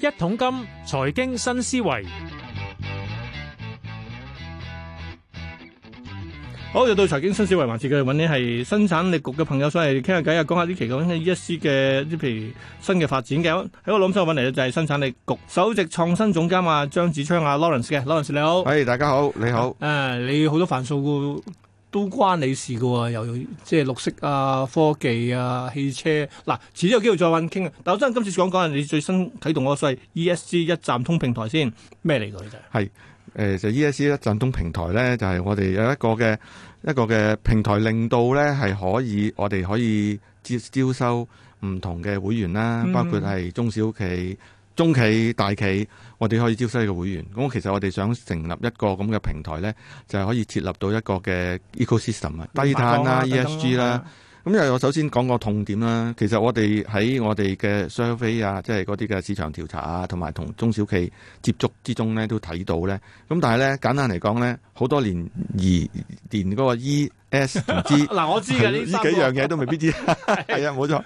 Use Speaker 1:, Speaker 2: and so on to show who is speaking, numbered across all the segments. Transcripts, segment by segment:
Speaker 1: 一桶金財經新思維，好，又到財經新思維環節，我哋揾啲係生產力局嘅朋友上嚟傾下偈啊，講下呢期講 ESG 嘅啲譬如新嘅發展嘅，喺我諗先揾嚟就係生產力局首席創新總監啊張梓昌啊 Lawrence 嘅 Lawrence 你好，係、hey, 大家好，你好，誒、啊、你好多煩數都關你事噶，又即係綠色啊、科技啊、汽車。嗱，遲啲有機會再搵傾啊。但我真係今次講講你最新啟動嗰個係 E S G 一站通平台先，咩嚟嘅啫？
Speaker 2: 係誒、呃，就 E S G 一站通平台咧，就係、是、我哋有一個嘅一個嘅平台，令到咧係可以我哋可以接招收唔同嘅會員啦，包括係中小企。嗯中企、大企，我哋可以招收嘅會員。咁其實我哋想成立一個咁嘅平台咧，就係可以設立到一個嘅 ecosystem 啊，低碳啊，ESG 啦、啊。咁因為我首先講個痛點啦，其實我哋喺我哋嘅 survey 啊，即係嗰啲嘅市場調查啊，同埋同中小企接觸之中咧，都睇到咧。咁但係咧，簡單嚟講咧。好多年而連嗰個 E S G 嗱 我知嘅呢幾樣嘢都未必知，係啊冇錯，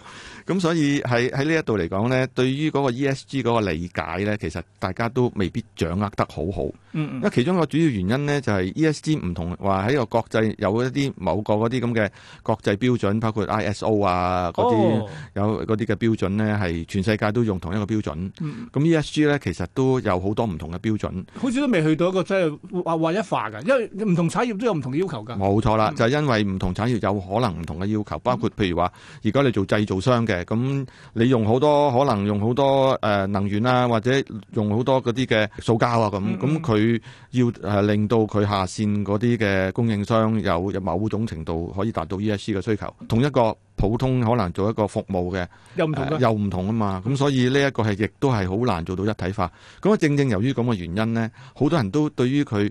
Speaker 2: 咁所以喺喺呢一度嚟講咧，對於嗰個 E S G 嗰個理解咧，其實大家都未必掌握得好好。嗯，嗯，因為其中一個主要原因咧，就係 E S G 唔同話喺個國際有一啲某個嗰啲咁嘅國際標準包括 I S O 啊嗰啲，哦，有啲嘅標準咧，係全世界都用同一個標準。嗯，嗯 ESG 呢，咁 E S G 咧其實都有好多唔同嘅標準，
Speaker 1: 好似都未去到一個真係話一化嘅。因為唔同產業都有唔同嘅要求噶，
Speaker 2: 冇錯啦，就係、是，因為唔同產業有可能唔同嘅要求，包括譬如話，而家你做製造商嘅，咁你用好多可能用好多誒能源啊或者用好多嗰啲嘅塑膠啊，咁咁佢要誒令到佢下線嗰啲嘅供應商有有某種程度可以達到 ESG 嘅需求，同一個普通可能做一個服務嘅又唔同，又唔同啊嘛，咁、呃、所以呢一個係亦都係好難做到一體化。咁啊，正正由於咁嘅原因咧，好多人都對於佢。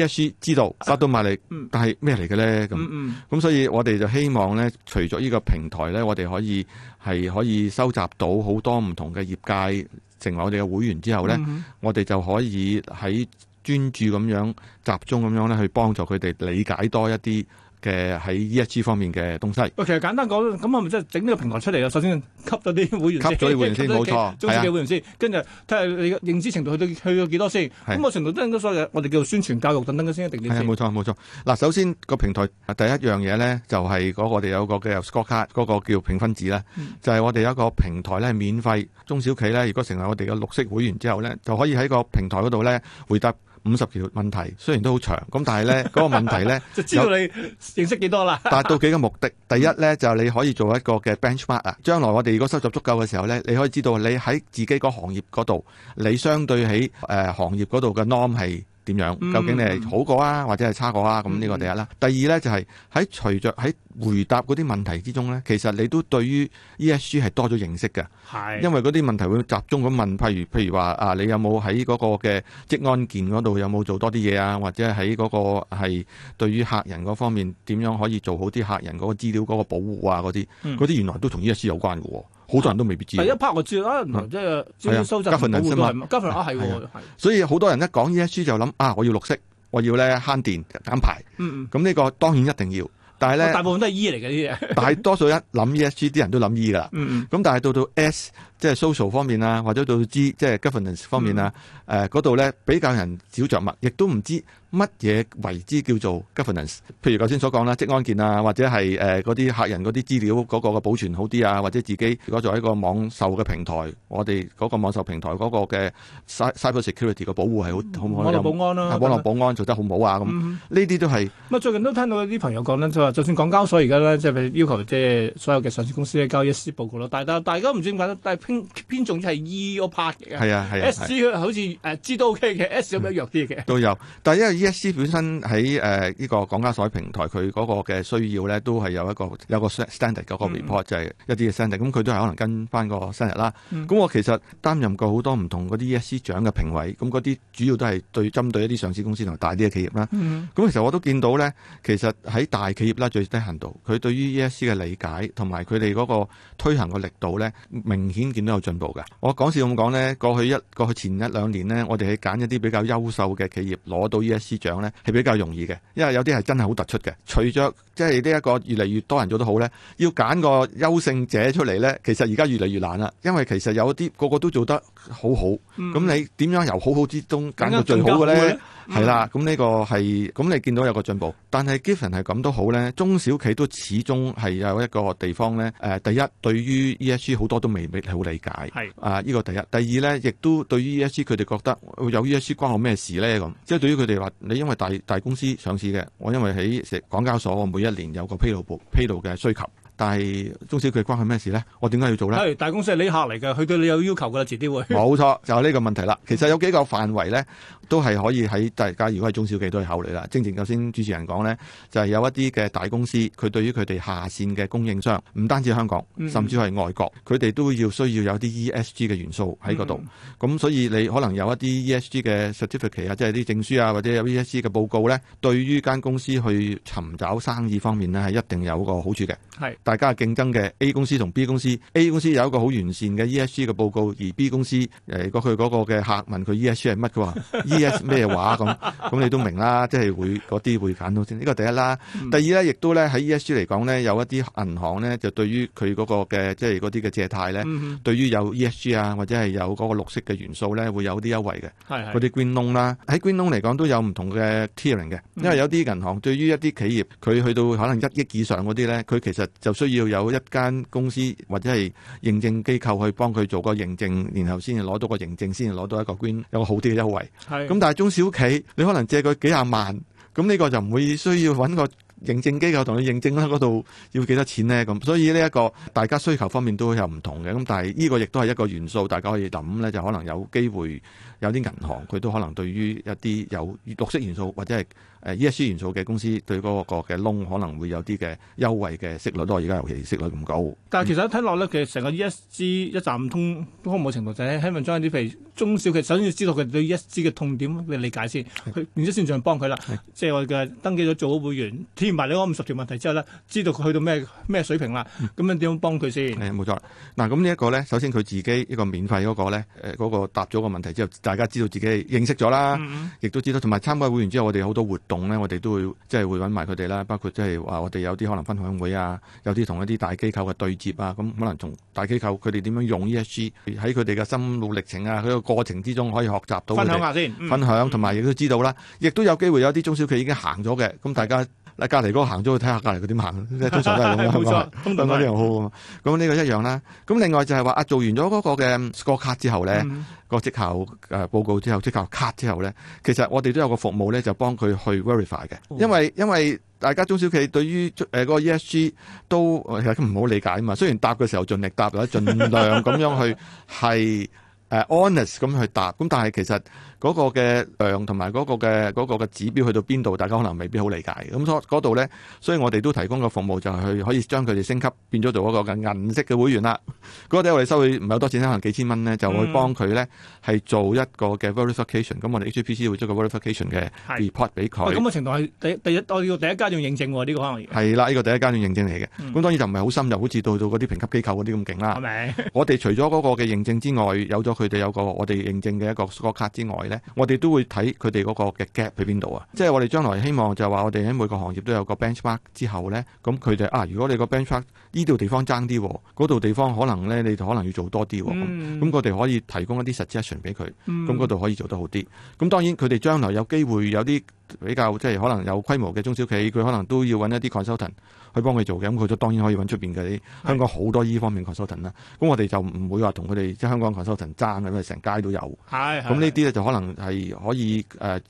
Speaker 2: es 知道發到埋嚟，但係咩嚟嘅咧？咁咁、嗯嗯，所以我哋就希望咧，除咗呢個平台咧，我哋可以係可以收集到好多唔同嘅業界成為我哋嘅會員之後咧、嗯，我哋就可以喺專注咁樣集中咁樣咧，去幫助佢哋理解多一啲。嘅喺 ESG 方面嘅東西，
Speaker 1: 喂，其實簡單講，咁我咪即係整呢個平台出嚟咯。首先吸咗啲會員，吸咗會員先，冇錯，中小企會員先，跟住睇下你嘅認知程度去到去到幾多先。咁我程度都係都所以，我哋叫做宣傳教育等等先，一定啲。係冇
Speaker 2: 錯冇錯。嗱，首先、個平台第一樣嘢咧，就係、是、嗰、個、我哋有個嘅 Scorecard 嗰個叫評分紙啦、嗯，就係、是、我哋一個平台咧，係免費中小企咧，如果成為我哋嘅綠色會員之後咧，就可以喺個平台嗰度咧回答。五十條問題，雖然都好長，咁但係呢嗰、嗰個問題呢， 就知道你
Speaker 1: 認識幾多啦。達 到
Speaker 2: 幾個目的，第一呢，就係、你可以做一個嘅 benchmark 啊。將來我哋如果收集足夠嘅時候呢，你可以知道你喺自己個行業嗰度，你相對喺、呃、行業嗰度嘅 norm 係。點、嗯、樣，究竟你係好過啊，或者係差過啊？咁呢個第一啦、嗯。第二咧就係喺隨著喺回答嗰啲問題之中咧，其實你都對於 ESG 係多咗認識嘅。因為嗰啲問題會集中咁問，譬如譬如話啊，你有冇喺嗰個嘅職安健嗰度有冇做多啲嘢啊？或者喺嗰個係對於客人嗰方面點樣可以做好啲客人嗰個資料嗰個保護啊？嗰啲嗰啲原來都同 ESG 有關嘅喎。好多人都未必知
Speaker 1: 道。第一 part 我知啦、啊，即係 social governance n a 係，
Speaker 2: 所以好多人一講 E S G 就諗啊，我要綠色，我要咧慳電減排。咁、嗯、呢個當然一定要，但係咧大
Speaker 1: 部分都係 E 嚟嘅啲嘢。大
Speaker 2: 多數一諗 E S G 啲 人都諗 E 啦。咁、嗯、但係到到 S 即係 social 方面啊，或者到到 G 即係 governance 方面啊，誒嗰度咧比較人少着墨，亦都唔知。乜嘢為之叫做 governance？譬如頭先所講啦，職安健啊，或者係誒嗰啲客人嗰啲資料嗰、那個嘅保存好啲啊，或者自己如果作為一個網售嘅平台，我哋嗰個網售平台嗰、那個嘅 cyber security 嘅保護係好可唔好？以？網絡保安啦、啊，網絡保安做得好唔好啊？咁呢啲都係。
Speaker 1: 啊，最近都聽到啲朋友講咧，就話就算港交所而家咧，即、就、係、是、要求即係所有嘅上市公司咧交 ESG 報告咯。但係但大家唔知點解，但係偏偏，偏重於係 E 嗰 part 嘅。係啊係啊，啊，S 好似誒、啊、G 都 OK 嘅，S 有冇弱啲嘅、嗯？
Speaker 2: 都有，但係因為。ESG 本身喺誒呢個港交所平台，佢嗰個嘅需要咧，都係有一個有一個 standard 嗰個 report、嗯、就係、是、一啲嘅 standa、嗯、rd 咁佢都係可能跟翻個 standard 啦。咁、嗯、我其實擔任過好多唔同嗰啲 ESG 獎嘅評委，咁嗰啲主要都係對針對一啲上市公司同埋大啲嘅企業啦。咁、嗯、其實我都見到咧，其實喺大企業啦，最低限度，佢對於 ESG 嘅理解同埋佢哋嗰個推行嘅力度咧，明顯見到有進步㗎。我講笑咁講咧，過去一過去前一兩年咧，我哋係揀一啲比較優秀嘅企業攞到 ESG 司長呢係比較容易嘅，因為有啲係真係好突出嘅。隨着即係呢一個越嚟越多人做得好呢，要揀個優勝者出嚟呢，其實而家越嚟越難啦。因為其實有啲個個都做得好好，咁、嗯、你點樣由好好之中揀到最好嘅呢？係、嗯、啦，咁呢，這個係咁，你見到有個進步。但係 Giffen 係咁都好咧，中小企都始終係有一個地方咧，呃。第一對於 ESG 好多都未未好理解，係啊，呢，呃這個第一。第二咧，亦都對於 ESG 佢哋覺得有 ESG 關我咩事咧咁。即係對於佢哋話你因為大大公司上市嘅，我因為喺港交所，我每一年有一個披露部披露嘅需求。但係中小企關佢咩事咧？我點解要做咧？係
Speaker 1: 大公司係你客嚟嘅，佢對你有要求㗎啦，遲啲會。冇
Speaker 2: 錯，就係、是、呢個問題啦。其實有幾個範圍咧，都係可以喺大家如果係中小企都係考慮啦。正正頭先主持人講咧，就係、是、有一啲嘅大公司，佢對於佢哋下線嘅供應商，唔單止香港，甚至係外國，佢、嗯、哋都要需要有啲 ESG 嘅元素喺嗰度。咁、嗯、所以你可能有一啲 ESG 嘅 certificate 啊，即係啲證書啊，或者有 ESG 嘅報告咧，對於間公司去尋找生意方面呢，係一定有個好處嘅。係。大家競爭嘅 A 公司同 B 公司，A 公司有一個好完善嘅 ESG 嘅報告，而 B 公司誒，如果佢嗰個嘅客問佢 ESG 係乜，佢話 ES 咩話咁，咁 你都明啦，即係會嗰啲會揀到先，呢個第一啦。第二咧，亦都咧喺 ESG 嚟講咧，有一啲銀行咧就對於佢嗰個嘅即係嗰啲嘅借貸咧、嗯，對於有 ESG 啊或者係有嗰個綠色嘅元素咧，會有啲優惠嘅。係嗰啲 Green Loan 啦，喺 Green Loan 嚟講都有唔同嘅 tiering 嘅，因為有啲銀行對於一啲企業佢去到可能一億以上嗰啲咧，佢其實就需要有一間公司或者係認證機構去幫佢做個認證，然後先至攞到個認證，先至攞到一個 green 有一個好啲嘅優惠。係咁。但係中小企，你可能借佢幾廿萬，咁呢個就唔會需要搵個。認證機構同你認證咧，嗰度要幾多錢呢？咁所以呢一個大家需求方面都會有唔同嘅，咁但係呢個亦都係一個元素，大家可以諗咧，就可能有機會有啲銀行佢都可能對於一啲有綠色元素或者係誒 E S G 元素嘅公司，對嗰個嘅窿可能會有啲嘅優惠嘅息率咯。而家尤其是息率咁高。
Speaker 1: 但係其實睇落咧，其實成個 E S G 一站通都唔務程度就係希望將一啲譬如中小企，首先要知道佢對 E S G 嘅痛點，嘅理解先，佢然之後線上幫佢啦。即係、就是、我哋嘅登記咗做好會員。埋你嗰五十條問題之後咧，知道佢去到咩咩水平啦。咁樣點樣幫佢先？誒、嗯、冇、嗯嗯、錯。
Speaker 2: 嗱咁呢一個咧，首先佢自己一個免費嗰個咧，誒嗰個答咗個問題之後，大家知道自己認識咗啦，亦、嗯、都知道。同埋參加會員之後，我哋好多活動咧，我哋都會即係、就是、會揾埋佢哋啦，包括即係話我哋有啲可能分享會啊，有啲同一啲大機構嘅對接啊，咁可能從大機構佢哋點樣用 ESG，喺佢哋嘅心路歷程啊，佢個過程之中可以學習到。分享下先、嗯，分享同埋亦都知道啦，亦都有機會有啲中小企已經行咗嘅，咁大家、嗯。隔離嗰行咗去睇下隔離佢點行，通常都係咁樣咁好咁呢 個一樣啦。咁另外就係話啊，做完咗嗰個嘅 scorecard 之後咧，嗯那個績效誒報告之後，績效 card 之後咧，其實我哋都有個服務咧，就幫佢去 verify 嘅、哦。因為因為大家中小企對於嗰、呃那個 ESG 都其實唔好理解啊嘛。雖然答嘅時候盡力答啦，儘量咁樣去係。 誒、uh, honest 咁去答，咁但係其實嗰個嘅量同埋嗰個嘅嗰個嘅指標去到邊度，大家可能未必好理解嘅。咁所嗰度咧，所以我哋都提供個服務就係去可以將佢哋升級變咗、嗯、做一個嘅銀色嘅會員啦。嗰啲我哋收佢唔係好多錢，可能幾千蚊咧，就會幫佢咧係做一個嘅 verification。咁我哋 HPC 會做個 verification 嘅 report 俾佢。喂，咁嘅
Speaker 1: 程度係第第一我要第一階段認證喎、啊，呢、這個可能
Speaker 2: 係啦，呢、這個第一階段認證嚟嘅。咁、嗯、當然就唔係好深入，好似到到嗰啲評級機構嗰啲咁勁啦。係咪 我哋除咗嗰個嘅認證之外，有咗。佢哋有個我哋認證嘅一個 scorecard 之外咧，我哋都會睇佢哋嗰個嘅 gap 喺邊度啊！即係我哋將來希望就係話我哋喺每個行業都有個 benchmark 之後咧，咁佢哋啊，如果你個 benchmark 呢度地方爭啲，嗰度地方可能咧你就可能要做多啲，咁我哋可以提供一啲 suggestion 俾佢，咁嗰度可以做得好啲。咁當然佢哋將來有機會有啲。比較即係可能有規模嘅中小企，佢可能都要揾一啲 consultant 去幫佢做嘅，咁佢都當然可以揾出面嗰啲香港好多呢方面的 consultant 啦。咁我哋就唔會話同佢哋即係香港 consultant 爭嘅，因為成街都有。係咁呢啲咧就可能係可以誒，佢、呃、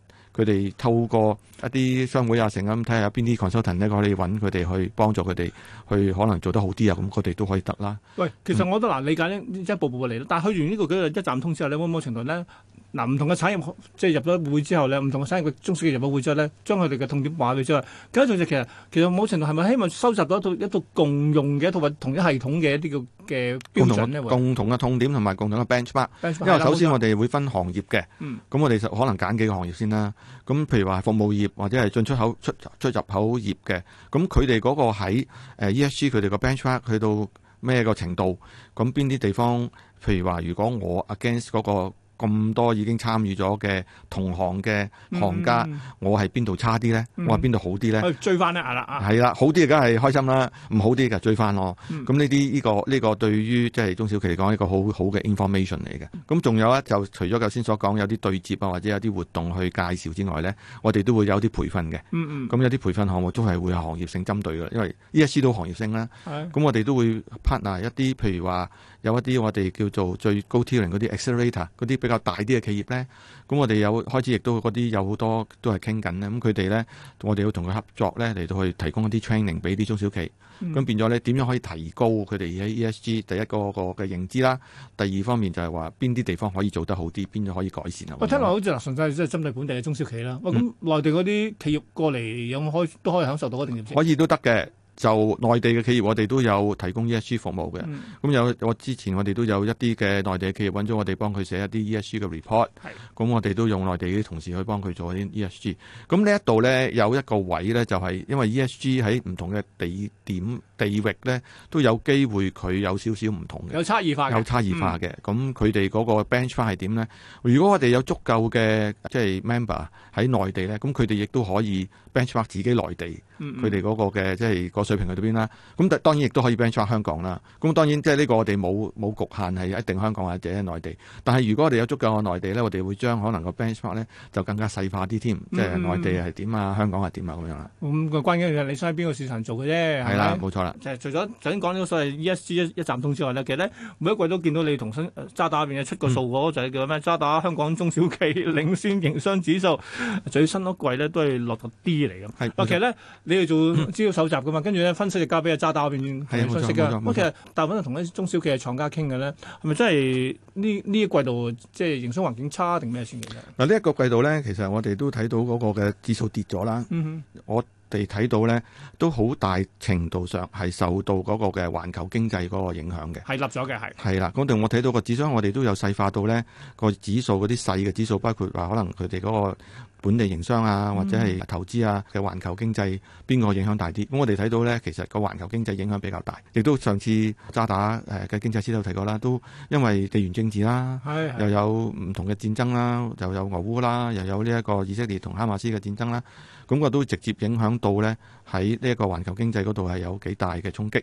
Speaker 2: 哋透過一啲商會啊，成咁睇下邊啲 consultant 咧可以揾佢哋去幫助佢哋，去可能做得好啲啊。咁佢哋都可以得啦。
Speaker 1: 喂，其實我都難理解一、嗯、步步嚟，但係去完呢個一站通之後你會唔會長途咧？嗱、啊，唔同嘅產業即係入咗會之後咧，唔同嘅產業嘅中小企業入咗會之後咧，將佢哋嘅痛點話俾咗。咁仲就其實其實某程度係咪希望收集到一套一套共用嘅一套同一系統嘅一啲嘅嘅標準、共
Speaker 2: 同嘅痛點、同埋共同嘅 benchmark。因為首先我哋會分行業嘅，咁、嗯、我哋可能揀幾個行業先啦。咁譬如話服務業或者係進出口出出入口業嘅，咁佢哋嗰個喺 ESG 佢哋個 benchmark 去到咩個程度？咁邊啲地方譬如話，如果我 against 嗰、嗰個咁多已經參與咗嘅同行嘅行家，我係邊度差啲咧？我係邊度好啲咧？
Speaker 1: 追翻啦，係啦，係啦，
Speaker 2: 好啲梗係開心啦，唔好啲嘅追翻咯。咁呢啲呢個呢、這個對於即係中小企嚟講一個好好嘅 information 嚟嘅。咁、嗯、仲有咧，就除咗頭先所講有啲對接啊，或者有啲活動去介紹之外咧，我哋都會有啲培訓嘅。嗯嗯。咁有啲培訓項目都係會有行業性針對嘅，因為 ESG 都行業性啦。咁我哋都會 partner 一啲，譬如話。有一啲我哋叫做最高 tiering 嗰啲 accelerator 嗰啲比較大啲嘅企業咧，咁我哋有開始亦都嗰啲有好多都係傾緊咧。咁佢哋咧，我哋要同佢合作咧，嚟到去提供一啲 training 俾啲中小企。咁變咗咧，點樣可以提高佢哋喺 ESG 第一個個嘅認知啦？第二方面就係話邊啲地方可以做得好啲，邊可以改善啊？我聽落
Speaker 1: 好似嗱，純粹即係針對本地嘅中小企啦。咁內地嗰啲企業過嚟有冇開，都可以享受到嗰啲嘢可以都
Speaker 2: 得嘅。就內地嘅企業，我哋都有提供 E S G 服務嘅。咁有我之前我哋都有一啲嘅內地企業揾咗我哋幫佢寫一啲 E S G 嘅 report。咁我哋都用內地嘅同事去幫佢做一啲 E S G。咁呢一度咧有一個位咧就係因為 E S G 喺唔同嘅地點。地域咧都有機會，佢有少少唔同嘅，
Speaker 1: 有差異化，有差異化嘅。
Speaker 2: 咁佢哋嗰個 bench 翻係點咧？如果我哋有足夠嘅即係 member 喺內地咧，咁佢哋亦都可以 bench 翻自己內地，佢哋嗰個嘅即係個水平去到邊啦。咁當然亦都可以 bench 翻香港啦。咁當然即係呢個我哋冇冇局限係一定香港或者內地。但係如果我哋有足夠嘅內地咧，我哋會將可能個 bench 翻咧就更加細化啲添，即、嗯、係、就是、內地係點啊，香港係點啊咁樣啦。
Speaker 1: 咁、嗯那個、關鍵你想喺邊個市場做嘅啫。係啦，冇錯啦。就係除咗頭先講呢個所謂 ESG 一一站通之外呢，其實呢，每一季都見到你同渣打入面嘅出個數喎、嗯，就係、是、叫咩渣打香港中小企領先營商指數最新嗰季呢，都係落到 D 嚟咁。係，其實呢，你哋做資料搜集噶嘛，跟、嗯、住呢，分析就交俾阿渣打入面係唔相適噶。咁其實大部分到同啲中小企嘅廠家傾嘅呢，係咪真係呢呢個季度即係營商環境差定咩先嘅？
Speaker 2: 嗱呢一個季度呢，其實我哋都睇到嗰個嘅指數跌咗啦、嗯。我。我哋睇到咧，都好大程度上係受到嗰個嘅環球經濟嗰個影響嘅。係
Speaker 1: 立咗嘅，係。
Speaker 2: 係啦，嗰度我睇到個指數，我哋都有細化到咧個指數，嗰啲細嘅指數，包括話可能佢哋嗰個。本地營商啊，或者係投資啊嘅環球經濟，邊個影響大啲？咁我哋睇到咧，其實個環球經濟影響比較大，亦都上次渣打嘅經濟師都提過啦，都因為地緣政治啦，又有唔同嘅戰爭啦，又有俄烏啦，又有呢一個以色列同哈馬斯嘅戰爭啦，咁個都直接影響到咧喺呢一個環球經濟嗰度係有幾大嘅衝擊。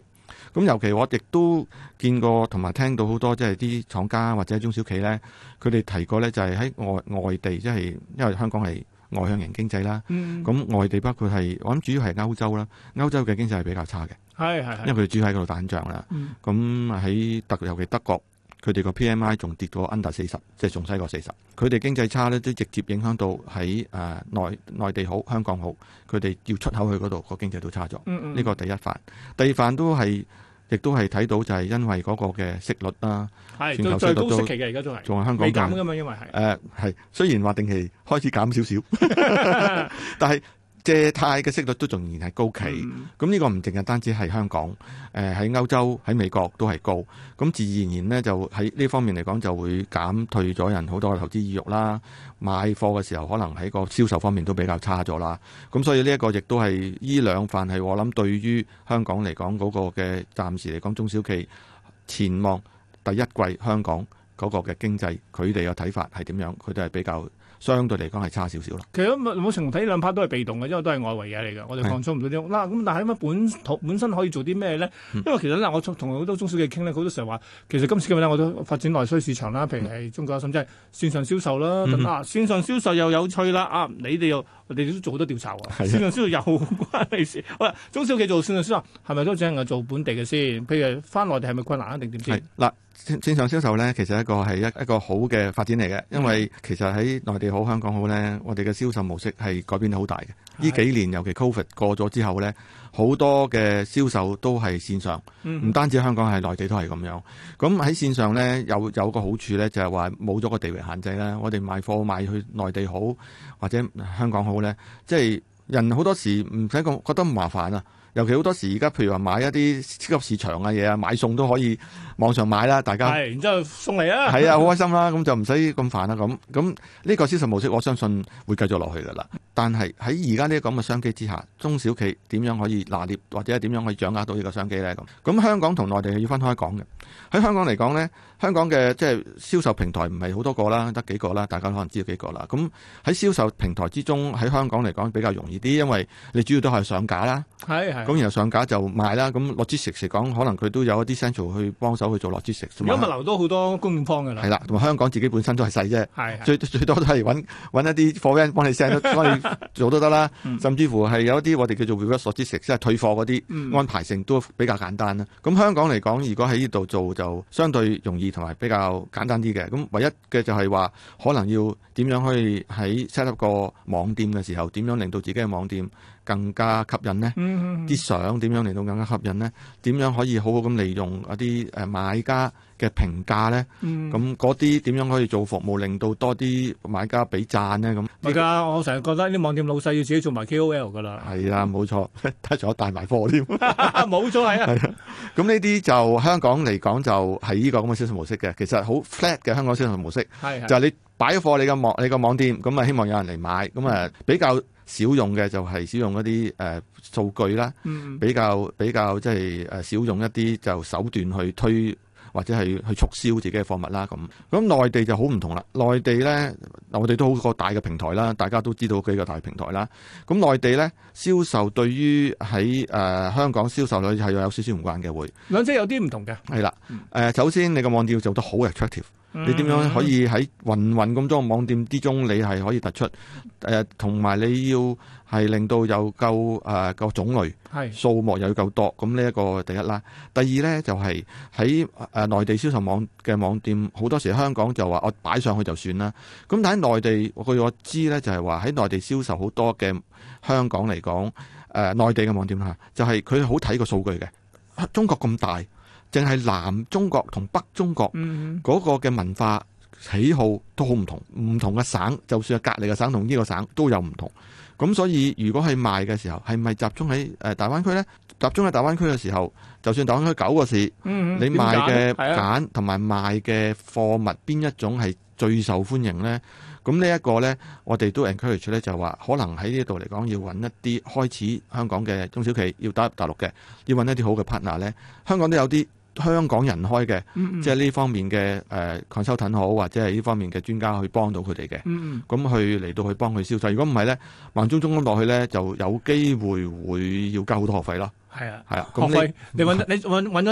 Speaker 2: 咁尤其我亦都見過同埋聽到好多即係啲廠家或者中小企咧，佢哋提過咧就係喺外外地、就係，即係因為香港係外向型經濟啦。咁、嗯、外地包括係我諗主要係歐洲啦，歐洲嘅經濟係比較差嘅，
Speaker 1: 因為佢
Speaker 2: 哋主要喺嗰度打仗啦。咁喺德尤其德國。佢哋個 PMI 仲跌到 under 四十，即係仲低過四十。佢哋經濟差咧，都直接影響到喺誒、呃、內內地好，香港好。佢哋要出口去嗰度，個經濟都差咗。呢嗯個嗯第一犯。第二犯都係，亦都係睇到就係因為嗰個嘅息率啦，全球最高息期嘅，而家都係，仲係香港減㗎嘛，因為係誒係。雖然話定期開始減少少， 但係。借貸嘅息率都仍然係高企，咁呢個唔淨係單止係香港，誒，喺歐洲、喺美國都係高，咁自然而然咧就喺呢方面嚟講就會減退咗人好多投資意欲啦。買貨嘅時候可能喺個銷售方面都比較差咗啦。咁所以呢一個亦都係依兩份係我諗對於香港嚟講嗰個嘅暫時嚟講中小企前望第一季香港嗰個嘅經濟，佢哋嘅睇法係點樣？佢哋係比較。相對嚟講係差少少咯。
Speaker 1: 其實我成日睇呢兩 part 都係被動嘅，因為都係外圍嘢嚟嘅，我就放鬆唔到啲。嗱咁、啊，但係乜本土本身可以做啲咩咧？因為其實嗱，我同好多中小企傾咧，好多時候話其實今次咁咧，我都發展內需市場啦，譬如係中國，甚至係線上銷售啦。啊、嗯，線上銷售又有趣啦。啊，你哋又我哋都做好多調查喎。線上銷售又關你事？喂，中小企做線上銷售係咪都淨係做本地嘅先？譬如返內地係咪困難啊？定點先？
Speaker 2: 嗱。線上銷售呢，其實一個係一一個好嘅發展嚟嘅，因為其實喺內地好、香港好呢，我哋嘅銷售模式係改變得好大嘅。呢幾年，尤其 COVID 過咗之後呢，好多嘅銷售都係線上，唔單止香港係內地都係咁樣。咁喺線上呢，有有個好處呢，就係話冇咗個地域限制啦。我哋賣貨賣去內地好或者香港好呢，即係人好多時唔使覺覺得唔麻煩啊。尤其好多時而家譬如話買一啲超級市場嘅嘢啊，買餸都可以網上買啦，大家係，然
Speaker 1: 之後送嚟 啊，係啊，好開
Speaker 2: 心啦，咁就唔使咁煩啦，咁咁呢個銷售模式我相信會繼續落去噶啦。但係喺而家呢啲咁嘅商機之下，中小企點樣可以拿捏或者係點樣可以掌握到呢個商機咧？咁咁香港同內地係要分開講嘅。喺香港嚟講咧。香港嘅即係銷售平台唔係好多個啦，得幾個啦，大家可能知道幾個啦。咁喺銷售平台之中，喺香港嚟講比較容易啲，因為你主要都係上架啦，
Speaker 1: 係，咁然後
Speaker 2: 上架就賣啦。咁 logistics 嚟講，可能佢都有一啲 central 去幫手去做 logistics。而家物流
Speaker 1: 都好多供應方㗎啦。係啦，
Speaker 2: 同埋香港自己本身都係細啫。係最最多都係揾揾一啲貨 friend 幫你 send，幫你做都得啦。甚至乎係有一啲我哋叫做會所之食，即係退貨嗰啲安排性都比較簡單啦。咁香港嚟講，如果喺呢度做就相對容易。同埋比較簡單啲嘅，咁唯一嘅就係話，可能要點樣可以喺 set up 個網店嘅時候，點樣令到自己嘅網店更加吸引呢？啲、嗯、相點樣令到更加吸引呢？點樣可以好好咁利用一啲誒買家嘅評價呢？咁嗰啲點樣可以做服務，令到多啲買家畀讚呢？咁而
Speaker 1: 家我成日覺得啲網店老細要自己做埋 K O L 㗎啦，
Speaker 2: 係啊，冇錯，睇咗帶埋貨添，
Speaker 1: 冇 錯係啊。
Speaker 2: 咁呢啲就香港嚟講，就係呢個咁嘅模式嘅，其實好 flat 嘅香港銷售模式，就係、你擺咗貨你嘅，你個網你個網店，咁啊希望有人嚟買，咁啊比較少用嘅就係少用一啲誒數據啦，比較比較即係誒少用一啲就手段去推。或者係去促銷自己嘅貨物啦，咁咁內地就好唔同啦。內地咧，嗱我哋都好個大嘅平台啦，大家都知道幾個大平台啦。咁內地咧銷售對於喺誒、呃、香港銷售裡係有少少唔慣嘅，會
Speaker 1: 兩者有啲唔同嘅。
Speaker 2: 係啦，誒、呃、首先你個網店要做得好 attractive。你點樣可以喺雲雲咁多個網店之中，你係可以突出？呃、同埋你要係令到又夠誒、呃、夠種類，數目又要夠多，咁呢一個第一啦。第二咧就係喺誒內地銷售網嘅網店，好多時香港就話我擺上去就算啦。咁但喺內地，我據我知咧就係話喺內地銷售好多嘅香港嚟講，誒、呃、內地嘅網店下，就係佢好睇個數據嘅。中國咁大。淨係南中國同北中國嗰個嘅文化喜好都好唔同，唔同嘅省，就算係隔離嘅省同呢個省都有唔同。咁所以如果係賣嘅時候，係咪集中喺大灣區呢？集中喺大灣區嘅時候，就算大灣區九個市，嗯、你賣嘅揀同埋賣嘅貨物邊一種係最受歡迎呢？咁呢一個呢，我哋都 encourage 咧，就話可能喺呢度嚟講，要揾一啲開始香港嘅中小企要打入大陸嘅，要揾一啲好嘅 partner 呢。香港都有啲。香港人開嘅，即係呢方面嘅誒抗生好或者係呢方面嘅專家幫，嗯、去、去、去幫到佢哋嘅，咁去嚟到去幫佢消災。如果唔係咧，盲舂舂咁落去咧，就有機會會要交好多學費咯。係啊，係啊，咁你搵
Speaker 1: 你咗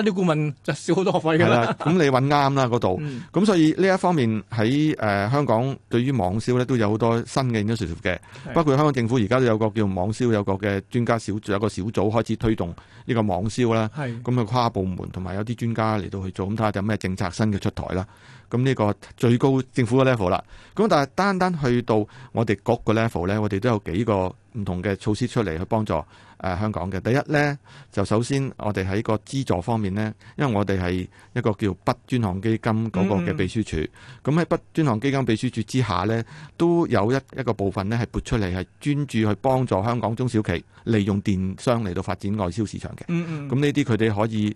Speaker 1: 啲、嗯、顧問就少好多學費噶啦、啊。咁
Speaker 2: 你搵啱啦嗰度。咁、嗯、所以呢一方面喺、呃、香港對於網銷咧都有好多新嘅嘢都嘅。包括香港政府而家都有個叫網銷有個嘅專家小有個小組開始推動呢個網銷啦。咁去、啊、跨部門同埋有啲專家嚟到去做，咁睇下有咩政策新嘅出台啦。咁呢個最高政府嘅 level 啦。咁但係單單去到我哋各個 level 咧，我哋都有幾個唔同嘅措施出嚟去幫助誒、呃、香港嘅。第一咧，就首先我哋喺個資助方面咧，因為我哋係一個叫 BUD 專項基金嗰個嘅秘書處，咁喺 BUD 專項基金秘書處之下咧，都有一一個部分咧係撥出嚟係專注去幫助香港中小企利用電商嚟到發展外銷市場嘅。嗯咁呢啲佢哋可以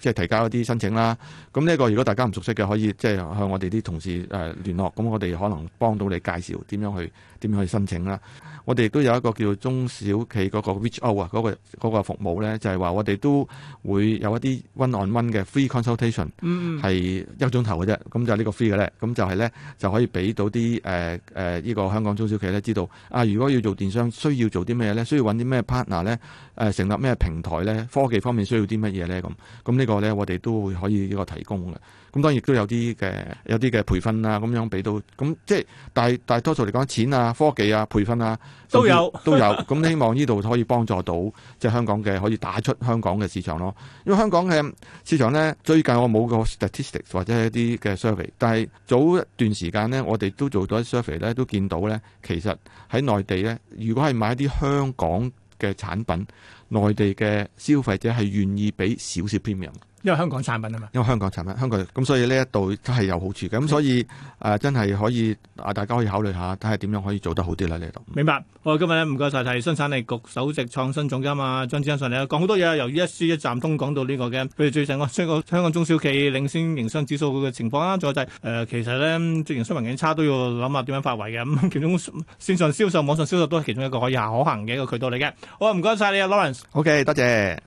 Speaker 2: 即係提交一啲申請啦。咁呢個如果大家唔熟悉嘅，可以即係向我哋啲同事誒、呃、聯絡，咁我哋可能幫到你介紹點樣去點樣去申請啦。我哋亦都有一個。叫中小企嗰個 reach out 啊，嗰個嗰個服務咧，就係、是、話我哋都會有一啲 one on one 嘅 free consultation，係、嗯、一鐘頭嘅啫。咁就係呢個 free 嘅咧，咁就係咧就可以俾到啲誒誒呢個香港中小企咧知道啊，如果要做電商需要做啲咩咧？需要揾啲咩 partner 咧，誒、呃、成立咩平台咧，科技方面需要啲乜嘢咧咁。咁呢個咧，我哋都會可以呢個提供嘅。咁當然亦都有啲嘅，有啲嘅培訓啊，咁樣俾到，咁即係大大多數嚟講，錢啊、科技啊、培訓啊都有都有。咁 希望呢度可以幫助到即係香港嘅，可以打出香港嘅市場咯。因為香港嘅市場咧，最近我冇個 statistics 或者係一啲嘅 survey，但係早一段時間咧，我哋都做咗 survey 咧，都見到咧，其實喺內地咧，如果係買一啲香港嘅產品，內地嘅消費者係願意俾少少 premium。
Speaker 1: 因為香港產品啊嘛，
Speaker 2: 因為香港產品，香港咁所以呢一度都係有好處嘅，咁所以誒、呃、真係可以啊，大家可以考慮下，睇下點樣可以做得好啲啦呢度。
Speaker 1: 明白，好，今日咧唔該晒，係生產力局首席創新總監啊張梓昌上嚟啊，講好多嘢，由 ESG 一站通講到呢、這個嘅，譬如最近我香港香港中小企領先營商指數嘅情況啦，再就係、是、誒、呃、其實咧，即使營商環境差都要諗下點樣發圍嘅，咁、嗯、其中綫上銷售、網上銷售都係其中一個可以行可行嘅一個渠道嚟嘅。好唔該晒你啊，Lawrence。O K，多謝。